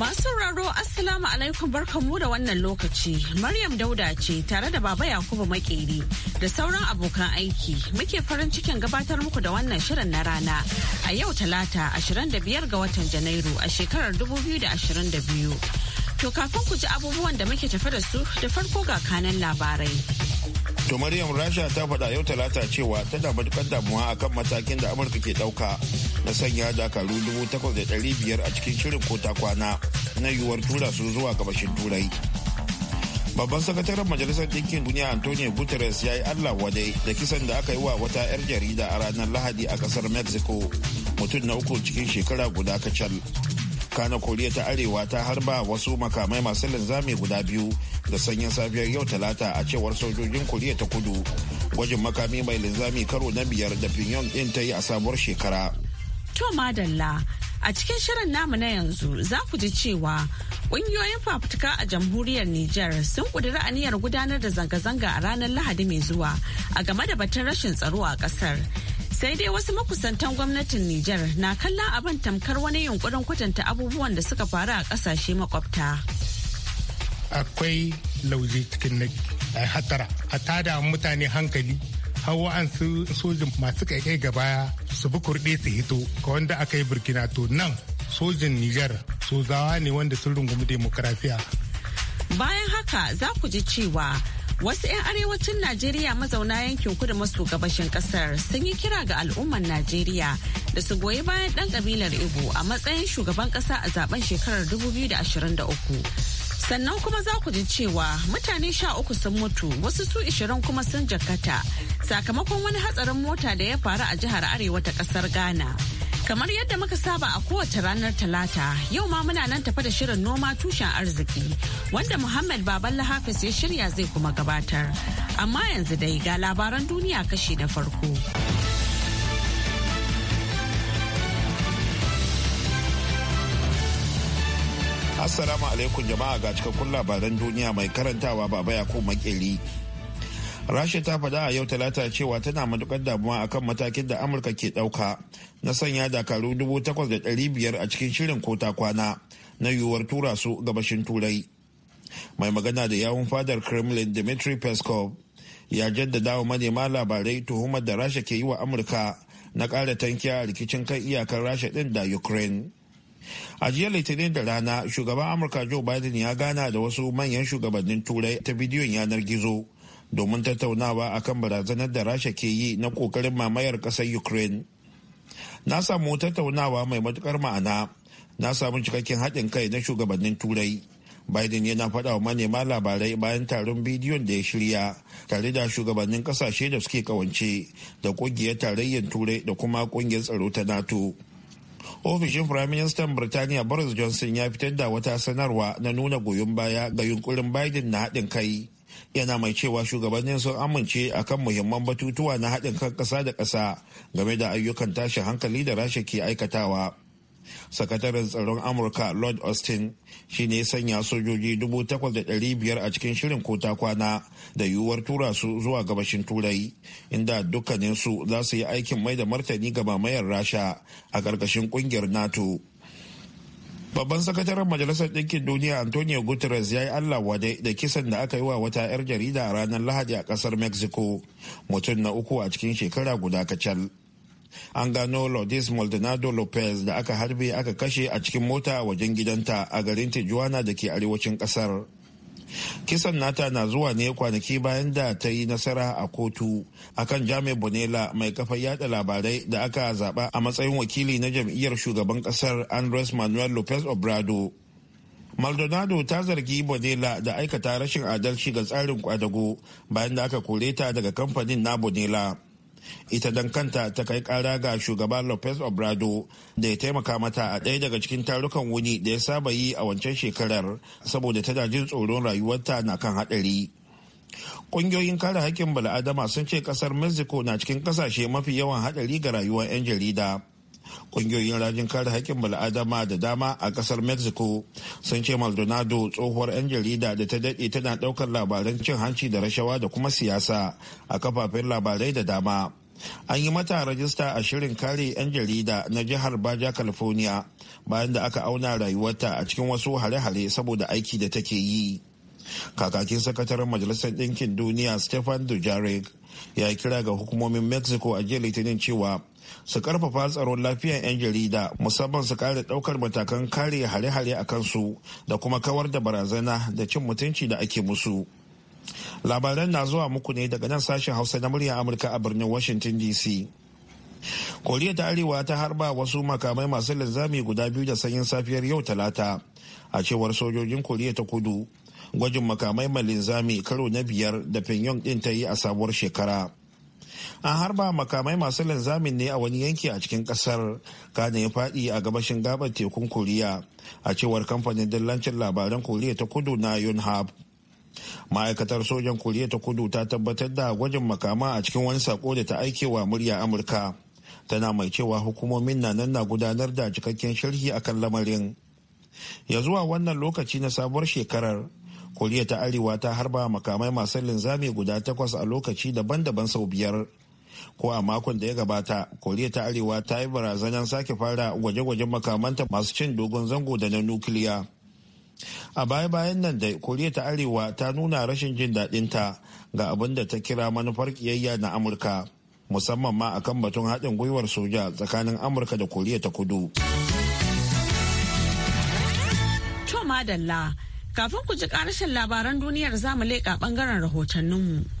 Masu sauraro Assalamu alaikum barkanmu da wannan lokaci. Maryam Dauda ce tare da Baba Yakubu Makeri da sauran abokan aiki muke farin cikin gabatar muku da wannan shirin na rana a yau talata 25 ga watan Janairu a shekarar 2022. To kafin ku ji abubuwan da muke tafe da su da farko ga kanan labarai. To Maryam Rasha ta faɗa yau talata cewa tana matukar damuwa akan matakin da Amurka ke ɗauka na sanya dakaru biyar a cikin shirin ko ta kwana na yiwuwar tura su zuwa gabashin Turai. Babban sakataren Majalisar Ɗinkin Duniya Antonio Guterres ya yi Allah wadai da kisan da aka yi wa wata 'yar jarida a ranar Lahadi a kasar Mexico mutum na uku cikin shekara guda kacal. Kana Koriya ta Arewa ta harba wasu makamai masu linzami guda biyu da sanyin safiyar yau talata a cewar sojojin koriya ta kudu gwajin makami mai linzami karo na biyar da pinyon din ta yi a sabuwar shekara to madalla a cikin shirin namu na yanzu za ku ji cewa ƙungiyoyin fafutuka a jamhuriyar niger sun ƙudiri aniyar gudanar da zanga-zanga a ranar Lahadi mai zuwa a game da batun rashin tsaro a ƙasar. Sai dai wasu makusantan gwamnatin niger na kallon abin tamkar wani yunkurin kwatanta abubuwan da suka faru a ƙasashe makwabta. akwai lauje cikin na eh, hatara a tada mutane hankali hawa an su sojin masu kai gaba su bi kurɗe su hito ga wanda aka yi burkina to nan sojin niger sozawa ne wanda sun rungumi demokarasiya bayan haka za ku ji cewa Wasu 'yan arewacin Najeriya mazauna yankin kudu maso gabashin kasar sun yi kira ga al'ummar Najeriya da su goyi bayan dan kabilar Igbo a matsayin shugaban kasa a zaben shekarar 2023 sannan kuma za ku ji cewa mutane sha uku sun mutu wasu su ishirin kuma sun jakata sakamakon wani hatsarin mota da ya faru a jihar arewa ta kasar ghana kamar yadda muka saba a kowace ranar talata yau ma muna nan tafa da shirin noma tushen arziki wanda muhammad baban lahafis ya shirya zai kuma gabatar amma yanzu dai ga labaran duniya kashi na farko. Assalamu alaikum jama'a ga cikakkun labaran duniya mai karantawa baba ya makeli. Rasha ta faɗa a yau talata cewa tana matukar damuwa akan matakin da Amurka ke ɗauka na sanya dakaru dubu takwas da ɗari biyar a cikin shirin kota kwana na yiwuwar tura su gabashin turai. Mai magana da yawun fadar Kremlin Dmitry Peskov ya jaddada wa manema labarai tuhumar da Rasha ke yi wa Amurka na ƙara tankiya rikicin kan iyakar Rasha ɗin da Ukraine. a jiya litinin da rana shugaban amurka joe biden ya gana da wasu manyan shugabannin turai ta bidiyon yanar gizo domin tattaunawa a kan barazanar da rasha ke yi na kokarin mamayar kasar ukraine na samu tattaunawa mai matukar ma'ana na samu cikakken haɗin kai na shugabannin turai biden yana faɗa wa manema labarai bayan taron bidiyon da ya shirya tare da shugabannin ƙasashe da suke kawance da ƙungiyar tarayyar turai da kuma ƙungiyar tsaro ta nato ofishin firaministan birtaniya boris johnson ya fitar da wata sanarwa na nuna goyon baya ga yunkurin biden na haɗin kai yana mai cewa shugabannin sun amince a kan muhimman batutuwa na haɗin kan ƙasa da ƙasa game da ayyukan tashin hankali da rasha ke aikatawa sakataren tsaron amurka lord austin shi ne sanya sojoji dubu da biyar a cikin shirin kota kwana da yiwuwar tura su zuwa gabashin turai inda dukkaninsu za su yi aikin mai da martani ga mamayar rasha a ƙarƙashin ƙungiyar nato Babban sakataren Majalisar Ɗinkin Duniya Antonio Guterres ya yi Allah wadai da kisan da aka yi wa wata 'yar jarida a ranar Lahadi a ƙasar Mexico, mutum na uku a cikin shekara guda kacal. an gano Lourdes Maldonado Lopez da aka harbe aka kashe a cikin mota wajen gidanta a garin Tijuana da ke arewacin kasar. Kisan nata na zuwa ne kwanaki bayan da ta yi nasara a kotu akan Jami Bonela mai kafa yada labarai da aka zaba a matsayin wakili na jam'iyyar shugaban kasar Andres Manuel Lopez Obrado. Maldonado ta zargi Bonela da aikata rashin adalci ga tsarin kwadago bayan da aka kore ta daga kamfanin na Bonela. ita don kanta ta kai kara ga shugaba lopez obrado da ya taimaka mata a ɗaya daga cikin tarukan wuni da ya saba yi a wancan shekarar saboda tana jin tsoron rayuwarta na kan haɗari ƙungiyoyin kare haƙƙin bala'adama sun ce ƙasar mexico na cikin ƙasashe mafi yawan haɗari ga rayuwar 'yan jarida ƙungiyoyin rajin kare haƙƙin bal'adama da dama a ƙasar mexico sun ce maldonado tsohuwar 'yan jarida da ta daɗe tana ɗaukar labaran cin hanci da rashawa da kuma siyasa a kafafen labarai da dama an yi mata rajista a shirin kare 'yan jarida na jihar baja california bayan da aka auna rayuwarta a cikin wasu hare-hare saboda aiki da take yi kakakin sakataren majalisar ɗinkin duniya stefan dujarric ya kira ga hukumomin mexico a jiya litinin cewa su karfafa tsaron lafiyar 'yan jarida musamman su kare daukar matakan kare hare-hare a kansu da kuma kawar da barazana da cin mutunci da ake musu. labaran na zuwa muku ne daga nan sashen hausa na murya amurka a birnin washington dc koriya ta arewa ta harba wasu makamai masu linzami guda biyu da sanyin safiyar yau talata a cewar sojojin koriya ta kudu gwajin makamai mai linzami karo na biyar da pinyon din ta yi a sabuwar shekara an harba makamai masu linzamin ne a wani yanki a cikin kasar kane ya faɗi a gabashin gabar tekun koriya a cewar kamfanin dillancin labaran koriya ta kudu na yonhap ma'aikatar sojan koriya ta kudu ta tabbatar da gwajin makama a cikin wani sako da ta aike wa murya amurka tana mai cewa hukumomin na nan na gudanar da cikakken sharhi akan lamarin ya zuwa wannan lokaci na sabuwar shekarar koriya ta arewa ta harba makamai masu linzami guda takwas a lokaci daban-daban sau biyar ko a makon da ya gabata koriya ta arewa ta yi barazanar sake fara gwaje-gwajen makamanta masu cin dogon zango da na nukiliya a baya-bayan nan da koriya ta arewa ta nuna rashin jin daɗinta ga abin da ta kira manufar ƙiyayya na amurka musamman ma akan batun haɗin gwiwar soja tsakanin amurka da koriya ta kudu to madalla kafin ku ji ƙarashin labaran duniyar zamu leƙa ɓangaren rahotanninmu.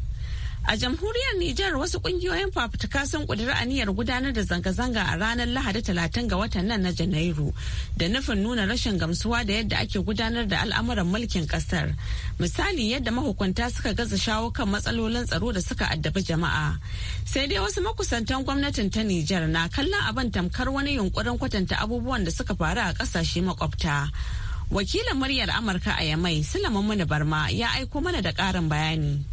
A jamhuriyar Nijar wasu kungiyoyin fafutuka sun kudura aniyar gudanar da zanga-zanga a ranar Lahadi talatin ga watan nan na Janairu da nufin nuna rashin gamsuwa da yadda ake gudanar da al'amuran mulkin kasar. Misali yadda mahukunta suka gaza shawo kan matsalolin tsaro da suka addabi jama'a. Sai dai wasu makusantan gwamnatin ta Nijar na kallon abin tamkar wani yunkurin kwatanta abubuwan da suka faru a kasashe makwabta. Wakilin muryar Amurka a Yamai, Sulaiman Barma ya aiko mana da ƙarin bayani.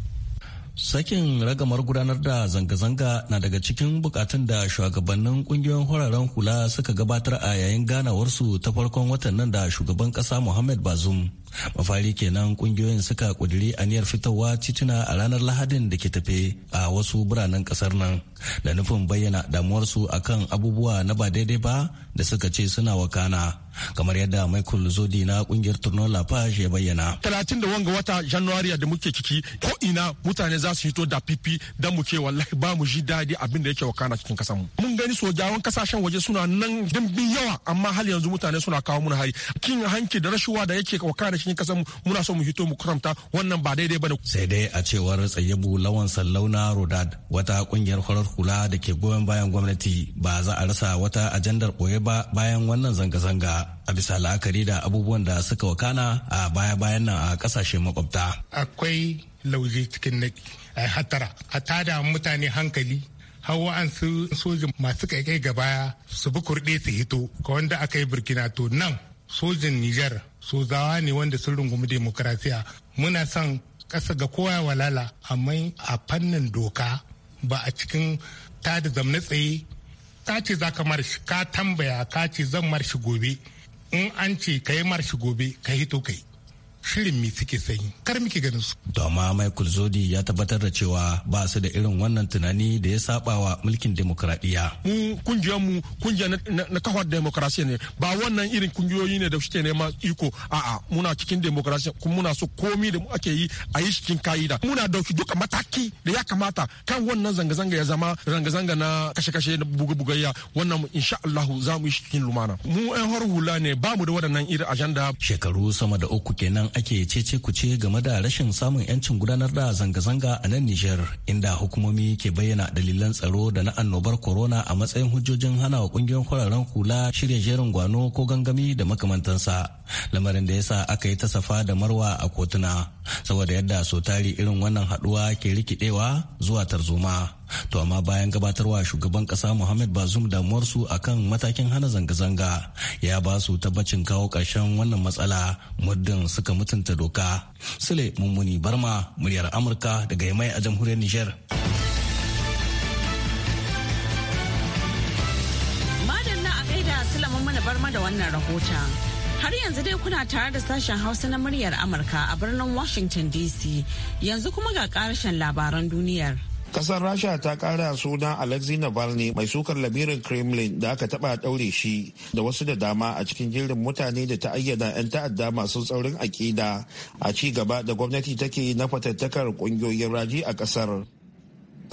Sakin ragamar gudanar da zanga-zanga na daga cikin bukatun da shugabannin kungiyoyin hararen hula suka gabatar a yayin ganawarsu ta farkon watan nan da shugaban kasa Muhammad Bazoum. Mafari kenan kungiyoyin suka a aniyar fitowa tituna a ranar Lahadin da ke tafe a wasu biranen kasar nan da nufin bayyana damuwarsu akan abubuwa na ba daidai ba da suka ce suna wakana. kamar yadda Michael Zodi na kungiyar Turnon Lafage ya bayyana. Talatin da wanga wata January da muke ciki ko ina mutane za su hito da pipi dan mu ke wallahi ba mu ji daɗi abin da yake wakana cikin kasan mu. Mun gani sojawan kasashen waje suna nan dimbin yawa amma hal yanzu mutane suna kawo mun hari. Kin hanki da rashuwa da yake wakana cikin kasan mu muna so mu hito mu kuramta wannan ba daidai bane. Sai dai a cewar Tsayyabu Lawan Sallauna Rodad wata kungiyar farar hula da ke goyon bayan gwamnati ba za a rasa wata ajandar ɓoye ba bayan wannan zanga-zanga. a bisa la'akari da abubuwan da suka wakana a baya-bayan nan a kasashe makwabta akwai lauje cikin naki a hatara a tada mutane hankali hawa an su sojin masu kaikai baya su bi kurɗe su hito ga wanda aka yi burkina to nan sojin niger sozawa ne wanda sun rungumi demokarasiya muna son ƙasa ga kowa walala amma a fannin doka ba a cikin tada zamna tsaye ka ce za ka marshi ka tambaya ka ce zan marshi gobe in an ce ka yi marshi gobe ka hito kai shirin mi suke sayi kar muke ganin su. To amma Michael Zodi ya tabbatar da cewa ba su da irin wannan tunani da ya saba wa mulkin demokradiyya. Mu kungiyar mu kungiya na kafar demokrasiya ne ba wannan irin kungiyoyi ne da suke nema iko a'a muna cikin demokrasiya kuma muna so komi da ake yi a yi cikin ka'ida. Muna dauki duka mataki da ya kamata kan wannan zanga-zanga ya zama zanga-zanga na kashe-kashe na buga bugayya wannan insha Allah za mu yi cikin lumana. Mu 'yan har hula ne ba mu da waɗannan irin ajanda. Shekaru sama da uku kenan ake cece kuce game da rashin samun 'yancin gudanar da zanga-zanga a nan Nijar, inda hukumomi ke bayyana dalilan tsaro da na annobar corona a matsayin hujjojin hana wa kungiyoyin kwararen hula shirya jerin gwano ko gangami da makamantansa. lamarin da ya sa aka yi ta safa da marwa a kotuna saboda yadda so irin wannan haduwa ke rikidewa zuwa tarzoma to amma bayan gabatarwa shugaban kasa muhammad bazum damuwarsu akan matakin hana zanga-zanga ya ba su tabbacin kawo ƙarshen wannan matsala muddin suka mutunta doka sule mummuni barma muryar amurka daga yamai a jamhuriyar niger barma da wannan rahoton Har yanzu dai kuna tare da sashen Hausa na muryar Amurka a birnin Washington DC. Yanzu kuma ga karshen labaran duniyar. Kasar Rasha ta kara suna Alexei Navalny mai sukar lamirin Kremlin da aka taba daure shi da wasu da dama a cikin jirin mutane da ta ayyana 'yan ta'adda masu tsaurin aƙida a ci gaba da gwamnati take na fatattakar kungiyoyin raji a kasar.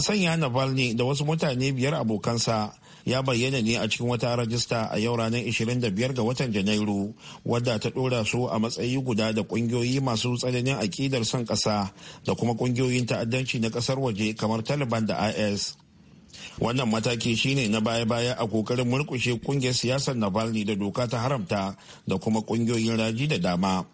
Sanya Navalny da wasu mutane biyar abokansa ya bayyana ne a cikin wata rajista a yau ranar 25 ga watan janairu wadda ta dora su a matsayi guda da kungiyoyi masu tsananin akidar son ƙasa da kuma kungiyoyin ta'addanci na ƙasar waje kamar taliban da is wannan mataki shine na baya-baya a kokarin murkushe kungiyar siyasar navalny da doka ta haramta da kuma kungiyoyin raji da dama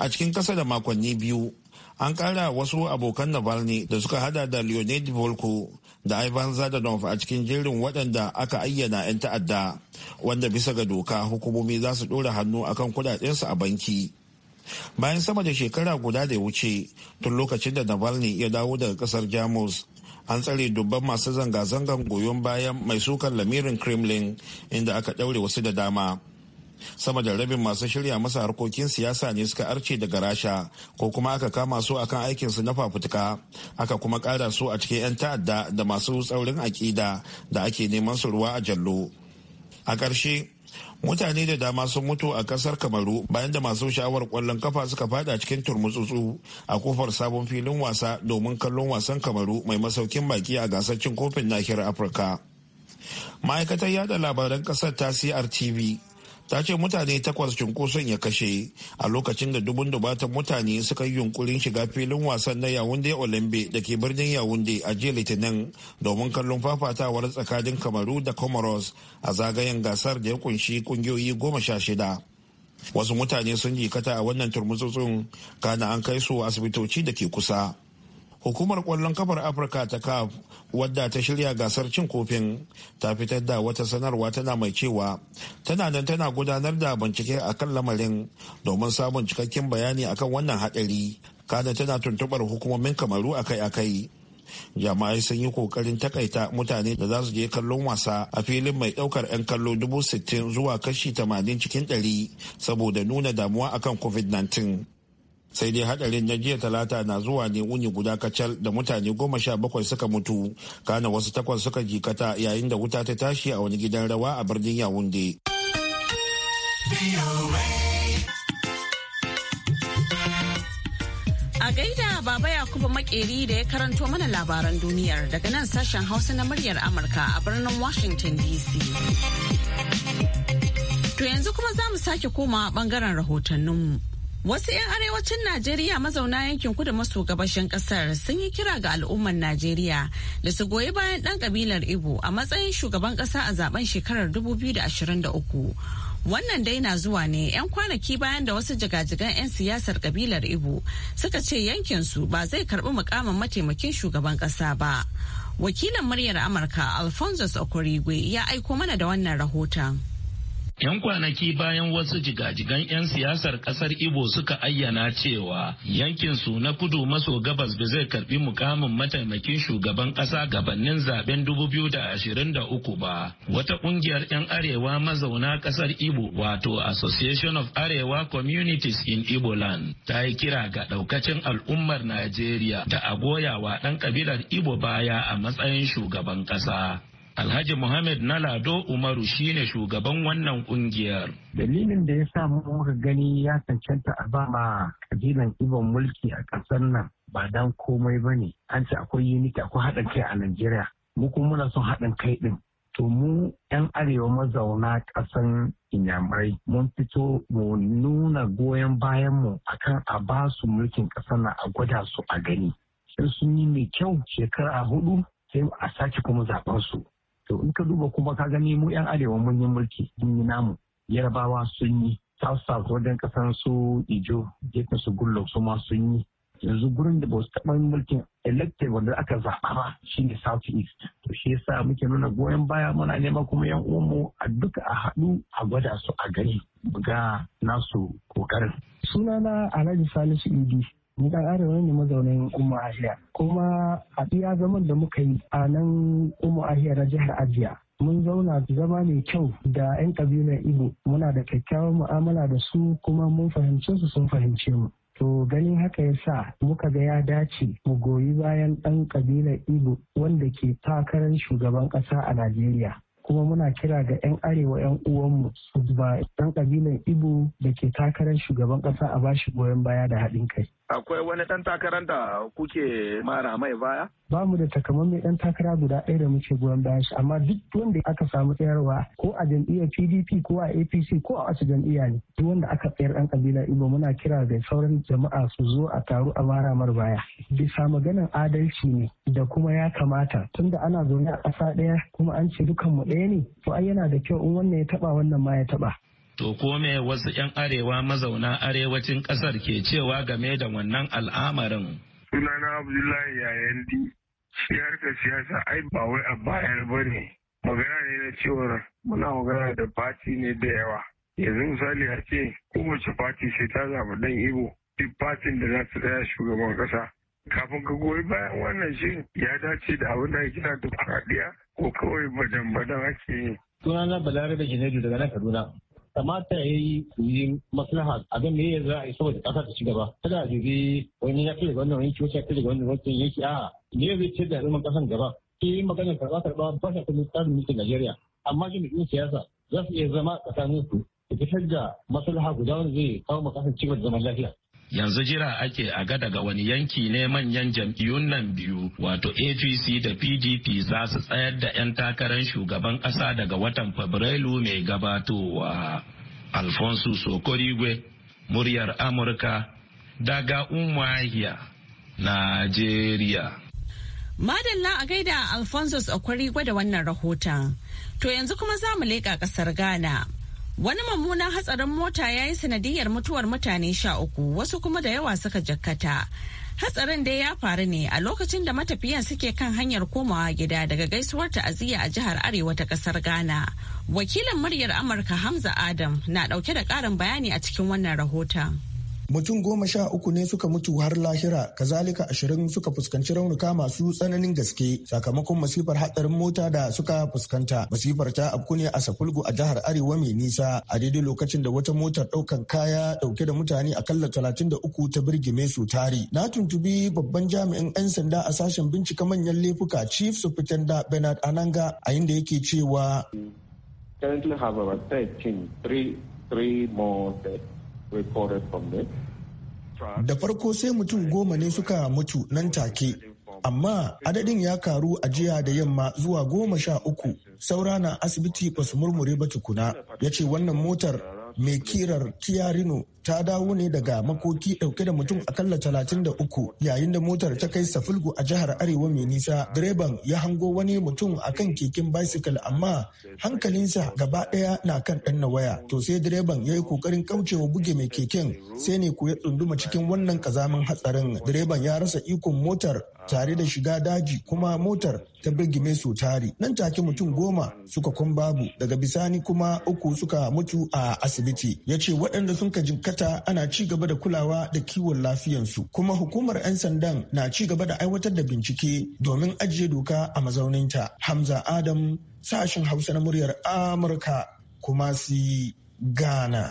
a cikin kasa da makonni biyu an kara wasu abokan navalny da suka hada da leonid volko da ivan zadanov a cikin jerin waɗanda aka ayyana 'yan ta'adda wanda bisa ga doka hukumomi za su ɗora hannu akan kudadensu a banki bayan sama da shekara guda da ya wuce tun lokacin da navalny ya dawo daga kasar jamus an tsare dubban masu zanga-zangan goyon bayan mai sukan lamirin kremlin inda aka ɗaure wasu da dama sama da rabin masu shirya masa harkokin siyasa ne suka arce daga rasha ko kuma aka kama su akan aikin su na fafutuka aka kuma kara su a cikin 'yan ta'adda da masu tsaurin aƙida da ake neman su ruwa a jallo a ƙarshe mutane da dama sun mutu a kasar kamaru bayan da masu sha'awar kwallon kafa suka fada cikin turmutsutsu a kofar sabon filin wasa domin kallon wasan kamaru mai masaukin baki a gasar cin kofin nahiyar afirka ma'aikatar yada labaran kasar ta crtv ta ce mutane takwas cunkoson ya kashe a lokacin da dubun dubatan mutane suka yi yunkurin shiga filin wasan na yawunde olambe da ke birnin yawunde a jiya litinin domin kallon fafatawar tsakanin kamaru da comoros a zagayen gasar da ya kunshi kungiyoyi goma sha shida wasu mutane sun jikata a wannan turmutsutsun kana an kai su asibitoci da ke kusa hukumar kwallon kafar afirka ta caf wadda ta shirya gasar cin kofin ta fitar da wata sanarwa tana mai cewa tana nan tana gudanar da bincike a kan lamarin domin samun cikakken bayani akan wannan haɗari kada tana tuntubar hukumomin kamaru akai-akai jama'ai sun yi kokarin takaita mutane da za su je kallon wasa a filin mai ɗaukar 'yan kallo dubu sittin zuwa kashi tamanin cikin ɗari saboda nuna damuwa akan covid-19 sai dai hadarin na jiya talata na zuwa ne wuni guda kacal da mutane goma sha bakwai suka mutu kana wasu takwas suka jikata yayin da wuta ta tashi a wani gidan rawa a birnin yawunde a gaida baba yakubu makeri da ya karanto mana labaran duniyar daga nan sashen hausa na muryar amurka a birnin washington dc to yanzu kuma za mu sake komawa bangaren rahotanninmu Wasu 'yan arewacin Najeriya mazauna yankin kudu maso gabashin kasar sun yi kira ga al'ummar Najeriya da su goyi bayan ɗan ƙabilar Ibo a matsayin shugaban ƙasa a zaben shekarar 2023. Wannan dai na zuwa ne 'yan kwanaki bayan da wasu jigajigan 'yan siyasar ƙabilar Ibo suka ce yankinsu ba zai karɓi mukamin mataimakin shugaban ƙasa ba. Wakilin muryar Amurka Alphonsus Okorigwe ya aiko mana da wannan rahoton. 'Yan kwanaki bayan wasu jigajigan 'yan siyasar kasar Ibo suka ayyana cewa yankin su na kudu maso gabas ba zai karbi mukamin mataimakin shugaban kasa gabanin zaben 2023 ba. Wata kungiyar 'yan arewa mazauna kasar Ibo wato Association of Arewa Communities in Iboland ta yi kira ga daukacin al'ummar Najeriya da a goyawa ɗan kabilar Ibo baya a matsayin shugaban kasa. Alhaji Muhammad Lado Umaru shine shugaban wannan kungiyar. Dalilin da ya sa muka gani ya cancanta a bama kabilan Ibon mulki a ƙasar nan ba dan komai ba ne. An ce akwai unity akwai haɗin kai a Najeriya. Mu kuma muna son haɗin kai ɗin. To mu 'yan arewa mazauna ƙasar inyamurai mun fito mu nuna goyon bayanmu akan a ba su mulkin ƙasar nan a gwada su a gani. Sai sun yi mai kyau shekara hudu sai a sake kuma zaɓen su. to in ka duba kuma ka gani mu yan arewa mun yi mulki mun yi namu yarabawa sun yi south south wajen kasan su ijo gefen su gullo su ma sun yi yanzu gurin da ba su taɓa mulkin elected wanda aka zaɓa ba shine south east to shi yasa muke nuna goyon baya muna nema kuma yan uwanmu a duka a haɗu a gwada su a gani ga nasu ƙoƙarin. sunana alhaji salisu idi ni dan arewa ne mazaunin umu ahiya kuma a iya zaman da muka yi a nan umu ahiya na jihar ajiya mun zauna zama mai kyau da 'yan kabilar igbo muna da kyakkyawar mu'amala da su kuma mun fahimce su sun fahimce mu to ganin haka ya sa muka ga ya dace mu goyi bayan ɗan kabilar igbo wanda ke takarar shugaban ƙasa a najeriya kuma muna kira ga 'yan arewa 'yan uwanmu su ba 'yan kabilar ibo da ke takarar shugaban ƙasa a bashi goyon baya da haɗin kai akwai wani ɗan takarar da kuke mara mai baya? ba mu da takamaiman ɗan takara guda ɗaya da muke goyon bayan shi amma duk wanda aka samu tsayarwa ko a jam'iyyar pdp ko a apc ko a wasu jam'iyya ne duk wanda aka tsayar ɗan ƙabila ibo muna kira da sauran jama'a su zo a taro a mara mar baya bisa maganar adalci ne da kuma ya kamata tunda ana zaune a ƙasa ɗaya kuma an ce dukanmu ɗaya ne to ai yana da kyau in wannan ya taɓa wannan ma ya taɓa To kome wasu 'yan arewa mazauna arewacin ƙasar ke cewa game da wannan al'amarin? Sunana Abdullahi yayan di, shi harkar siyasa ai ba wai a bayar ba ne. Magana ne na cewar muna magana da fati ne da yawa. Yanzu misali a ce kowace fati sai ta zaɓi ɗan Ibo, duk fatin da za su tsaya shugaban kasa. Kafin ka goyi bayan wannan shi ya dace da abin da ya kira da ko kawai badan-badan ake yi. Sunana Balarabe Junaidu daga nan Kaduna. kamata ya yi su maslaha a gan me za a yi saboda ƙasa ta ci gaba kada a dubi wani ya kai wannan wani wacce ya kai wannan wancan yanki a me zai ce da al'umman ƙasan gaba ke maganar karɓa karɓa ba ta kuma tsarin mulkin Najeriya amma jami'in siyasa za su iya zama tsakanin su fitar da maslaha guda wanda zai kawo ma ci cigaba da zaman lafiya. yanzu jira ake a ga daga wani yanki ne manyan jam'iyyun nan biyu wato apc da pdp za su tsayar da 'yan takarar shugaban ƙasa daga watan fabrairu mai gabatowa alfonso sokorigwe muryar amurka daga umahiya najeriya madalla a gaida alfonso sokorigwe da wannan rahoton to yanzu kuma za mu leƙa ƙasar ghana Wani mummunan hatsarin mota ya yi sanadiyar mutuwar mutane sha uku wasu kuma da yawa suka jakkata. Hatsarin dai ya faru ne a lokacin da matafiyan suke kan hanyar komawa gida daga gaisuwar ta'aziyya a jihar Arewa ta kasar Ghana. Wakilin muryar Amurka Hamza Adam na ɗauke da ƙarin bayani a cikin wannan rahoton. mutum goma sha uku ne suka mutu har lahira kazalika ashirin suka fuskanci raunuka masu tsananin gaske sakamakon masifar hatsarin mota da suka fuskanta masifar ta afku ne a safulgu a jihar arewa mai nisa a daidai lokacin da wata motar daukan kaya dauke da mutane akalla talatin da uku ta birgime su tari na tuntubi babban jami'in 'yan sanda a sashen bincika manyan laifuka chief superintendent bernard ananga a inda yake cewa currently Da farko sai mutum goma ne suka mutu nan take, amma adadin ya karu a jiya da yamma zuwa goma sha uku saura na asibiti ba su murmure ba tukuna ya ce wannan motar mai kirar Kiyarino ta dawo ne daga makoki dauke da mutum akalla uku. yayin da motar ta kai safulgu a jihar Arewa mai nisa direban ya hango wani mutum akan keken bicycle amma hankalinsa gaba daya na kan danna waya to sai direban ya yi kokarin kaucewa buge mai keken sai ne ku ya tsunduma cikin wannan kazamin hatsarin direban ya rasa ikon motar tare da shiga daji kuma motar ta birgime su tare, nan take mutum goma suka kun babu daga bisani kuma uku suka mutu a asibiti ya ce waɗanda sun ka jinkata ana ci gaba da kulawa da kiwon lafiyansu kuma hukumar 'yan sandan na ci gaba da aiwatar da bincike domin ajiye doka a mazauninta hamza adam sashen hausa na muryar amurka kuma si ghana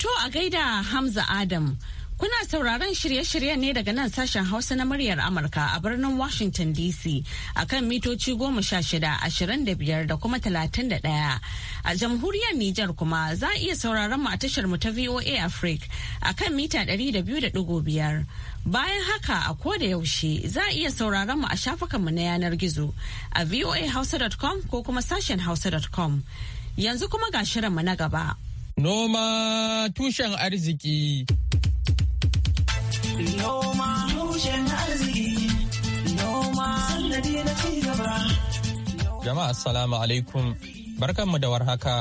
to a gaida hamza adam Kuna sauraron shirye-shiryen ne daga nan sashen Hausa na muryar Amurka a birnin Washington DC a kan mitoci goma sha shida ashirin da biyar da kuma talatin da ɗaya. A jamhuriyar Nijar kuma za a iya sauraron mu a tashar mu ta VOA Africa a kan mita ɗari da biyu da ɗigo biyar. Bayan haka a ko da yaushe za a iya sauraron mu a shafukan mu na yanar gizo a voahausa.com ko kuma sashen hausa.com. Yanzu kuma ga shirin mu na gaba. Noma tushen arziki. Noma tushen arziki. Noma sannadi na cigaba. Jama'a assalamu alaikum. Barkanmu da warhaka.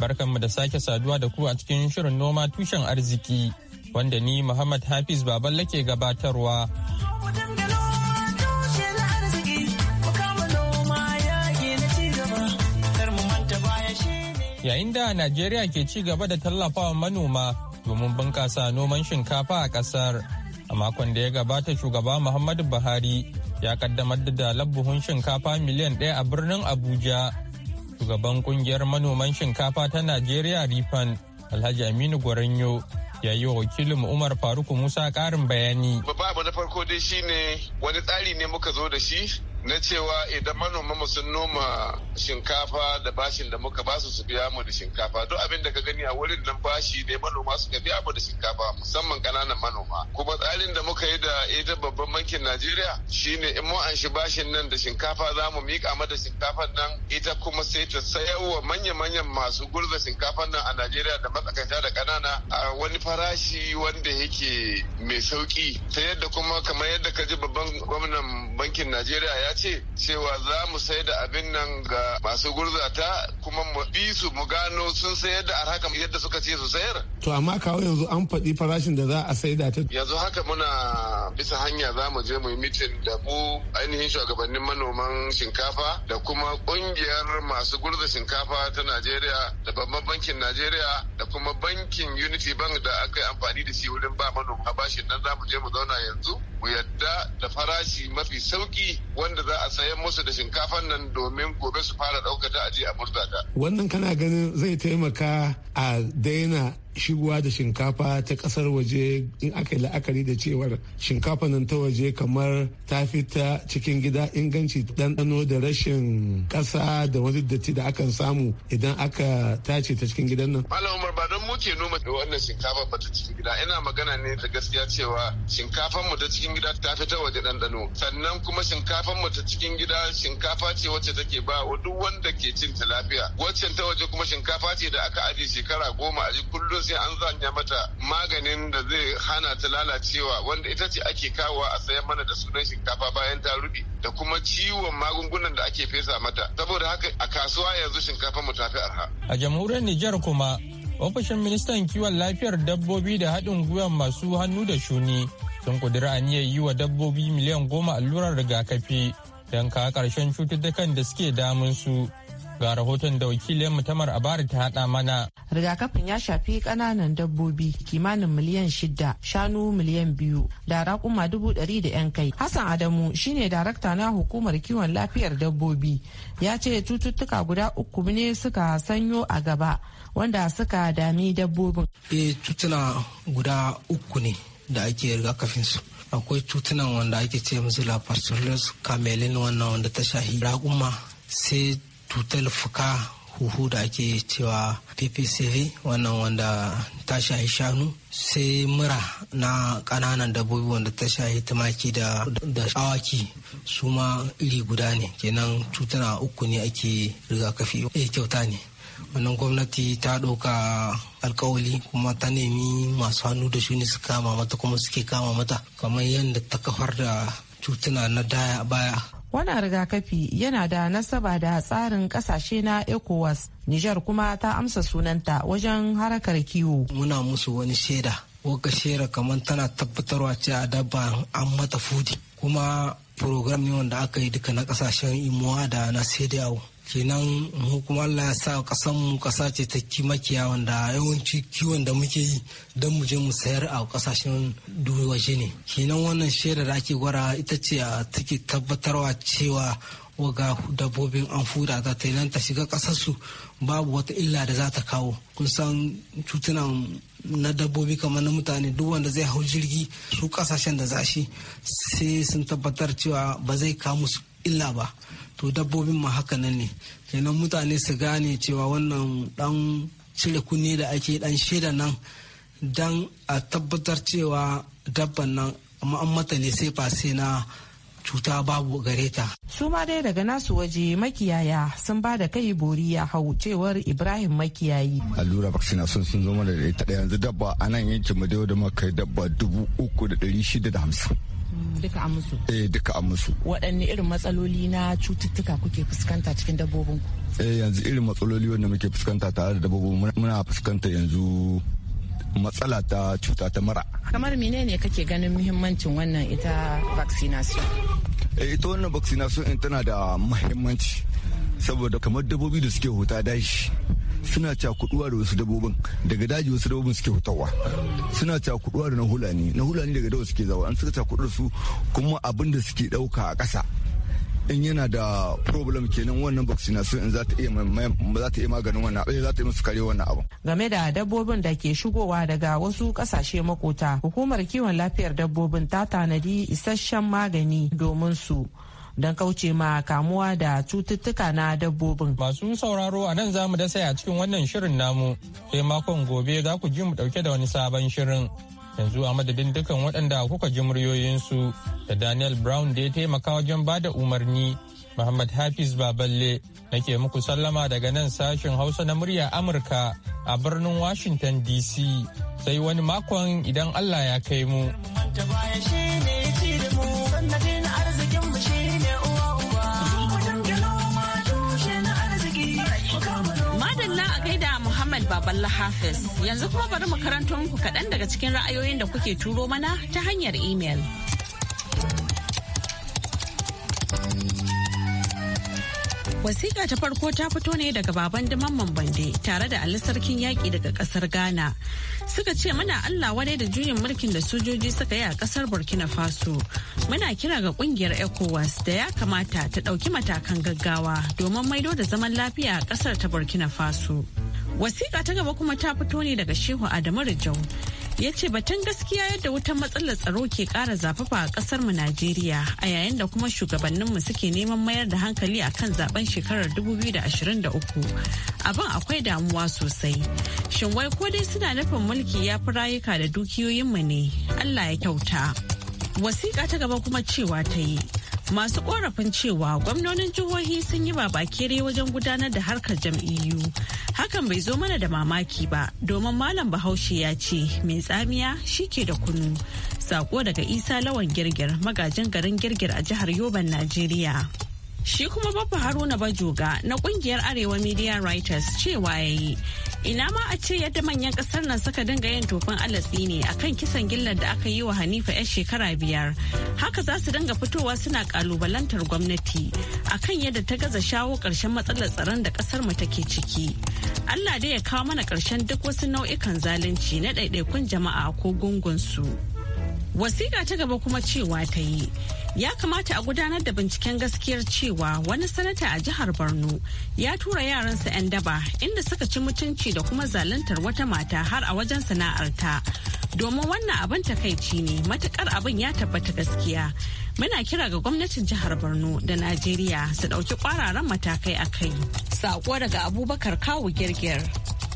Barkanmu da sake saduwa da ku a cikin shirin noma tushen arziki wanda ni Muhammad Hafiz baban lake gabatarwa. Yayin da Najeriya ke ci gaba da tallafawa manoma domin bunƙasa noman shinkafa a ƙasar. a makon da ya gabata shugaba muhammadu buhari ya kaddamar da dalabuhun shinkafa miliyan ɗaya a birnin abuja shugaban kungiyar manoman shinkafa ta najeriya rifan alhaji aminu gwaranyo ya yi wa wakilin umar faruku musa ƙarin bayani babu na farko dai shine wani tsari ne muka zo da shi na cewa idan manoman sun noma shinkafa da bashin da muka basu su biya mu da shinkafa duk abin da ka gani a wurin nan bashi ne manoma suka biya mu da shinkafa musamman kananan manoma kuma tsarin da muka yi da ita babban bankin Najeriya shine in mun anshi bashin nan da shinkafa za mu mika mata shinkafar nan ita kuma sai ta sayarwa manya-manyan masu gurza shinkafar nan a Najeriya da matsakaita da kanana a wani farashi wanda yake mai sauki ta yadda kuma kamar yadda ka ji babban gwamnan bankin Najeriya ya ce cewa za mu sai da abin nan ga masu gurzata kuma mu bi su mu gano sun sayar da arhaka yadda suka ce su sayar. To amma kawo yanzu an faɗi farashin da za a sai da ta. Yanzu haka muna bisa hanya za mu je mu yi mitin da mu ainihin shugabannin manoman shinkafa da kuma ƙungiyar masu gurza shinkafa ta Najeriya da babban bankin Najeriya da kuma bankin Unity Bank da aka yi amfani da shi wurin ba manoma bashin nan za mu je mu zauna yanzu mu yadda da farashi mafi sauki wanda za a sayan musu da shinkafan nan domin gobe su fara ɗaukata aji a murtaka. Wannan kana ganin zai taimaka a daina shigowa da shinkafa ta kasar waje in aka yi la'akari da cewar shinkafa nan ta waje kamar ta fita cikin gida inganci ɗanɗano da rashin ƙasa da wani datti da akan samu idan aka tace ta cikin gidan nan. Malam Umar ba don muke noma wannan shinkafa ba ta cikin gida ina magana ne da gaskiya cewa shinkafan mu ta cikin gida ta fita waje ɗanɗano sannan kuma shinkafan mu ta cikin gida shinkafa ce wacce take ba duk wanda ke cin ta lafiya waccan ta waje kuma shinkafa ce da aka ajiye shekara goma a kullum sai an zanya mata maganin da zai hana ta lalacewa wanda ita ce ake kawowa a sayan mana da sunan shinkafa bayan ta rubi da kuma ciwon magungunan da ake fesa mata saboda haka a kasuwa yanzu shinkafa mu tafi arha a jamhuriyar Nijar kuma ofishin ministan kiwon lafiyar dabbobi da haɗin gwiwa masu hannu da shuni sun kudura aniyar yi wa dabbobi miliyan goma allurar rigakafi don kawo ƙarshen cututtukan da suke damun su Ga rahoton da wakilin mutamar abari ta hada mana. Rigakafin ya shafi kananan dabbobi kimanin miliyan shida, shanu miliyan biyu, da raƙuma dubu ɗari da 'yan kai. Hassan Adamu shine darakta na hukumar kiwon lafiyar dabbobi. Ya ce cututtuka guda uku ne suka sanyo a gaba wanda suka dami dabbobin. E eh, tutuna guda uku ne da ake rigakafin su Akwai tutunan wanda ake ce musu la parcelus camelin wannan wanda ta shahi raƙuma sai cutar fuka huhu da ake cewa ppcv wannan wanda ta shahi shanu sai mura na kananan dabbobi wanda ta shahi tumaki da awaki su ma iri guda ne kenan cutuna uku ne ake rigakafi a eh, kyauta ne wannan gwamnati ta ɗauka alkawali kuma ta nemi masu hannu da shuni su kama mata kuma suke kama mata kamar yadda ta kafar da cutuna na daya baya wannan rigakafi yana da nasaba da tsarin kasashe na ecowas nijar kuma ta amsa sunanta wajen harakar kiwo muna musu wani shaida wagga shaida kamar tana tabbatarwa ce a dabba an mata fudi kuma program ne wanda aka yi duka na kasashen imuwa da na sediyawo kenan mu kuma Allah ya sa kasan mu kasa ce ta makiya wanda yawanci kiwon da muke yi don mu je mu sayar a kasashen waje ne kenan wannan shaida da ake gwara ita ce take tabbatarwa cewa waga dabbobin an fuda ta ta ta shiga kasarsu babu wata illa da za ta kawo kun san cutunan na dabbobi kamar na mutane duk wanda zai hau jirgi su kasashen da zashi sai sun tabbatar cewa ba zai kawo musu illa ba to dabbobin ma haka nan ne kenan mutane su gane cewa wannan dan cire kunne da ake dan shida nan dan a tabbatar cewa dabban nan amma an mata ne sai sai na cuta babu gare ta. Su ma dai daga nasu waje makiyaya sun ba da kai bori ya hau cewar Ibrahim makiyayi. Allura vaccination sun zo mana da ita yanzu dabba a nan yankin mu da muka kai dabba dubu uku da ɗari shida da hamsin. duka an musu eh duka an musu waɗanne irin matsaloli na cututtuka kuke fuskanta cikin dabbobin ku eh yanzu irin matsaloli wanda muke fuskanta tare da dabbobin muna fuskanta yanzu matsala ta cuta ta mara kamar menene kake ganin muhimmancin wannan ita vaccination eh ita wannan vaccination tana da muhimmanci saboda kamar dabbobi da suke huta dashi suna cakuduwa da wasu dabobin daga daji wasu dabobin suke hutawa suna cakuduwa da na hulani na hulani daga dawa suke zawa an suka cakudu da su kuma abin da suke dauka a ƙasa in yana da problem kenan wannan vaccination in za ta iya za ta iya maganin wannan abin za ta iya musu kare wannan abin. game da dabbobin da ke shigowa daga wasu kasashe makota hukumar kiwon lafiyar dabbobin ta tanadi isasshen magani domin su don kauce ma kamuwa da cututtuka na dabbobin. Masu sauraro a nan za mu dasa a cikin wannan shirin namu sai makon gobe za ku ji mu dauke da wani sabon shirin. Yanzu a madadin dukan waɗanda kuka ji muryoyinsu da Daniel Brown da ya taimaka wajen ba da umarni Muhammad Hafiz Baballe nake muku sallama daga nan sashen Hausa na murya Amurka a birnin Washington DC sai wani makon idan Allah ya kai mu. Baban Lahafis. Yanzu kuma bari mu karanto muku kaɗan daga cikin ra'ayoyin da kuke turo mana ta hanyar imel. Wasiƙa ta farko ta fito ne daga baban Diman Bande tare da Ali Sarkin Yaƙi daga ƙasar Ghana. Suka ce muna Allah wadai da juyin mulkin da sojoji suka yi a ƙasar Burkina Faso. Muna kira ga ƙungiyar ECOWAS da ya kamata ta ɗauki matakan gaggawa domin maido da zaman lafiya a ƙasar ta Burkina Faso. wasiƙa ta gaba kuma ta fito ne daga shehu adamu rijau ya ce batun gaskiya yadda wutar matsalar tsaro ke kara zafafa a kasar mu Najeriya a yayin da kuma shugabanninmu suke neman mayar da hankali a kan zaben shekarar 2023 abin akwai damuwa sosai shin wai ko dai suna nufin mulki ya fi rayuka da dukiyoyinmu ne Allah ya kyauta wasiƙa ta gaba kuma cewa ta yi masu korafin cewa gwamnonin jihohi sun yi babakere wajen gudanar da harkar jam'iyyu hakan bai zo mana da mamaki ba domin malam bahaushe ya ce mai tsamiya shi ke da kunu sako daga isa lawan girgir magajin garin girgir a jihar yoban najeriya Shi kuma babba Haruna Bajoga na kungiyar Arewa Media Writers cewa ya yi. Ina ma a ce yadda manyan kasar nan suka dinga yin tofin alatsi ne akan kisan gillar da aka yi wa Hanifa 'yar shekara biyar. Haka za su dinga fitowa suna kalubalantar gwamnati akan yadda ta gaza shawo ƙarshen matsalar tsaron da kasar mu take ciki. Allah dai ya kawo mana karshen duk wasu nau'ikan zalunci na ɗaiɗaikun jama'a ko gungun su Wasiƙa ta gaba kuma cewa ta yi. ya kamata a gudanar da binciken gaskiyar cewa wani sanata a jihar borno ya tura yaransa 'yan daba inda suka ci mutunci da kuma zaluntar wata mata har a wajen sana'arta domin wannan abin takaici ne matukar abin ya tabbata gaskiya muna kira ga gwamnatin jihar borno da najeriya su ɗauki kwararan matakai a kai sako daga abubakar kawu girgir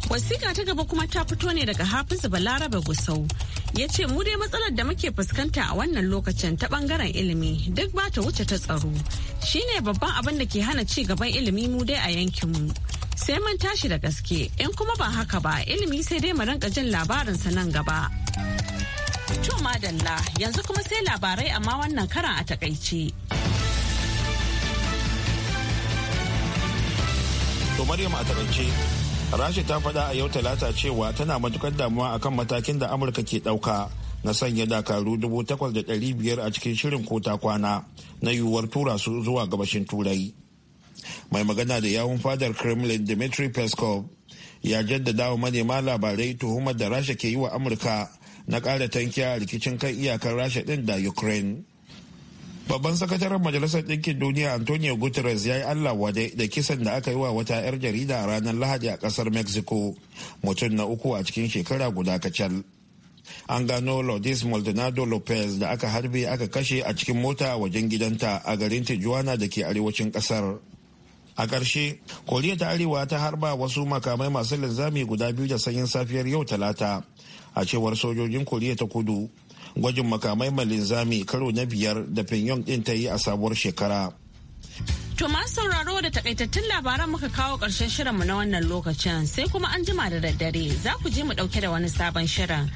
wasiƙa ta gaba kuma ta fito ne daga hafizu balarabe gusau ya ce mu dai matsalar da muke fuskanta a wannan lokacin ta bangaren ilimi duk ba ta wuce ta tsaro shine babban abin da ke hana ci gaban ilimi mu dai a yankinmu sai mun tashi da gaske in kuma ba haka ba ilimi sai dai mu rinka jin labarinsa nan gaba to madalla yanzu kuma sai labarai amma wannan karan a takaice to maryam a takaice rasha ta faɗa a yau talata cewa tana matukar damuwa akan matakin da amurka ke ɗauka na sanya dakaru dubu takwas da ɗari biyar a cikin shirin kota kwana na yiwuwar tura su zuwa gabashin turai mai magana da yawun fadar kremlin dmitry peskov ya jaddada wa manema labarai tuhumar da rasha ke yi wa amurka na ƙara tankiya rikicin kan iyakar rasha ɗin da ukraine Babban sakataren Majalisar Ɗinkin Duniya Antonio Guterres ya yi Allah wadai da kisan da aka yi wa wata 'yar jarida a ranar Lahadi a ƙasar Mexico, mutum na uku a cikin shekara guda kacal. An gano Lourdes Maldonado Lopez da aka harbe aka kashe a cikin mota wajen gidanta a garin Tijuana da ke arewacin ƙasar. a ƙarshe koriya ta arewa ta harba wasu makamai masu linzami guda biyu da sanyin safiyar yau talata a cewar sojojin koriya ta kudu gwajin makamai mai linzami karo na biyar da Pyongyang din ta yi a sabuwar shekara. To masu sauraro da takaitattun labaran muka kawo ƙarshen shirinmu na wannan lokacin sai kuma an jima da daddare za ku je mu ɗauke da wani sabon shirin.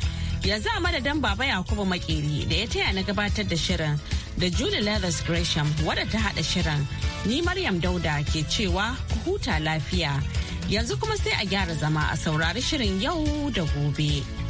Yanzu a madadin Baba Yakubu Makeri da ya taya na gabatar da shirin da Julie Leathers Gresham wadda ta haɗa shirin. Ni Maryam Dauda ke cewa ku huta lafiya. Yanzu kuma sai a gyara zama a saurari shirin yau da gobe.